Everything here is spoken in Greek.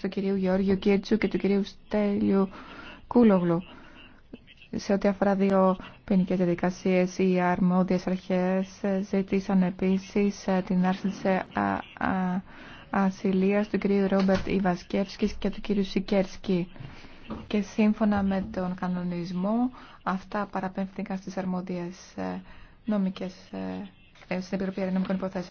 του κυρίου Γεώργιου Κίρτσου και του κυρίου Στέλιου Κούλογλου σε ό,τι αφορά δύο ποινικέ διαδικασίε, οι αρμόδιε αρχέ ζήτησαν επίση ε, την άρση τη ε, ασυλία του κυρίου Ρόμπερτ Ιβασκεύσκη και του κυρίου Σικέρσκη. Και σύμφωνα με τον κανονισμό, αυτά παραπέμφθηκαν στι αρμόδιε ε, νομικέ στην Επιτροπή